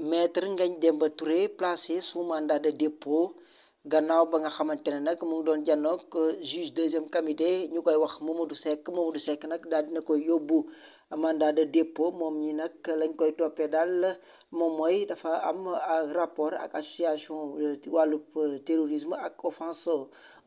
maître Ngagne Demba Touré placé sous mandat de dépôt gannaaw ba nga xamante ne nag mu doon janook euh, juge deuxième comité ñu koy wax Mamadou Seck Mamadou Seck nag daal dina koy yóbbu mandat de dépôt moom ñi nag lañ koy toppee daal moom mooy dafa am euh, rapport ak association euh, wàllub terrorisme ak offense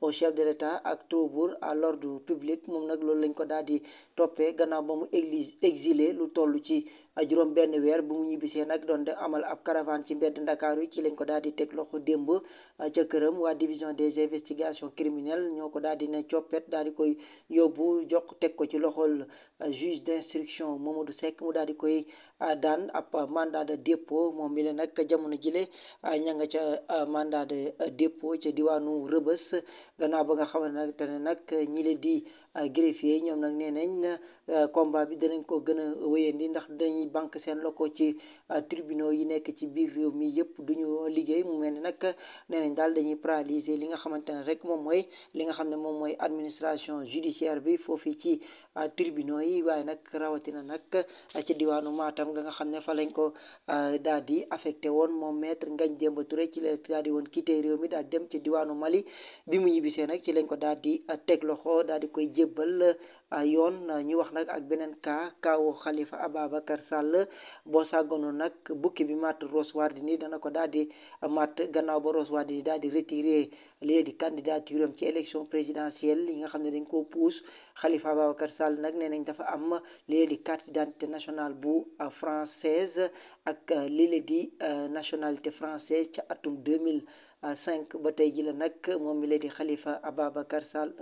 au chef de l'État ak trouble à l'ordre public moom nag loolu lañ ko daal di toppee gannaaw ba mu église exilé lu tollu ci juróom benn weer bu mu ñibbisee nag doon amal ab caravan ci mbedd Ndakaaru yi ci lañ ko daal di teg loxo démb ah, ca këram waa division des investigations criminelles ñoo ko daal di ne coppet daal di koy yóbbu jox teg ko ci loxol ah, juge d'instruction Mamadou Seck mu daal di koy ah, daan ab mandat de moom mi nag jamono jile ña nga ca mandat de dépôt ca diwaanu Rëbës gannaaw ba nga xamante ne nag ñi leen di greffier ñoom nag nee nañ combat bi danañ ko gën a wéyandi ndax ñiy banque seen loko ci ah, tribunaux yi nekk ci biir réew mi yëpp duñu liggéey mu mel ni nag nee nañ daal dañuy paralyser li nga xamante ne rek moom mooy li nga xam ne moom mooy administration judiciaire bi foofii ci ah, tribunaux yi waaye nag rawatina nag ah, ci diwaanu Matam nga nga xam ne fa lañ ko daal di affecté woon moom maître Ngagne Demba Touré ci la woon quitté réew mi daal dem ci diwaanu Mali bi mu ñibbisee nag ci lañ ko daal di teg loxo daal di koy jébbal yoon ñu wax nag ak beneen cas kawu Khalifa Ababacar Sall boo sàggonoon nag bukki bi matt Rose nii dana ko daal di matt gannaaw ba Rose Wardini daal di retiré lii di candidature am ci élection présidentielle yi nga xam ne dañ koo puus Khalifa Ababacar Sall nag nee nañ dafa am lii di carte d'identité nationale bu française ak lii di euh, nationalité française ca atum 2000 cinq ba tey jile nag moom mi la di xalifa Ababacar Sall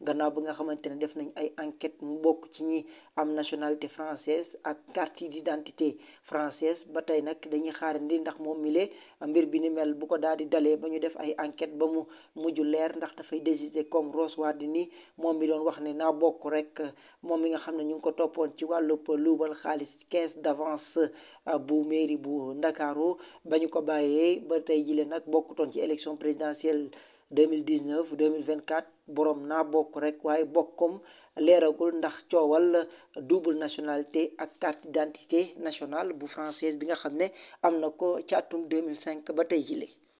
gannaaw bi nga xamante ne def nañ ay enquête mu bokk ci ñi am nationalité française ak carte d'identité française ba tey nag dañuy ndi ndax moom mi la mbir bi ni mel bu ko daal di dalee ba ñu def ay enquête ba mu mujju leer ndax dafay décider comme Rose Wardini moom bi doon wax ne naa bokk rek moom mi nga xam ne ñu ngi ko toppoon ci wàllu wàllub luubal xaalis caisse d'avance bu mairie bu Ndakaaru ba ko bàyyee ba tey ji nag bokkutoon ci élection présidentielle 2019 2024 borom naa bokk rek waaye bokkom leeragul ndax coowal double nationalité ak carte d'identité nationale bu française bi nga xam ne am na ko ci mille cinq ba tey jile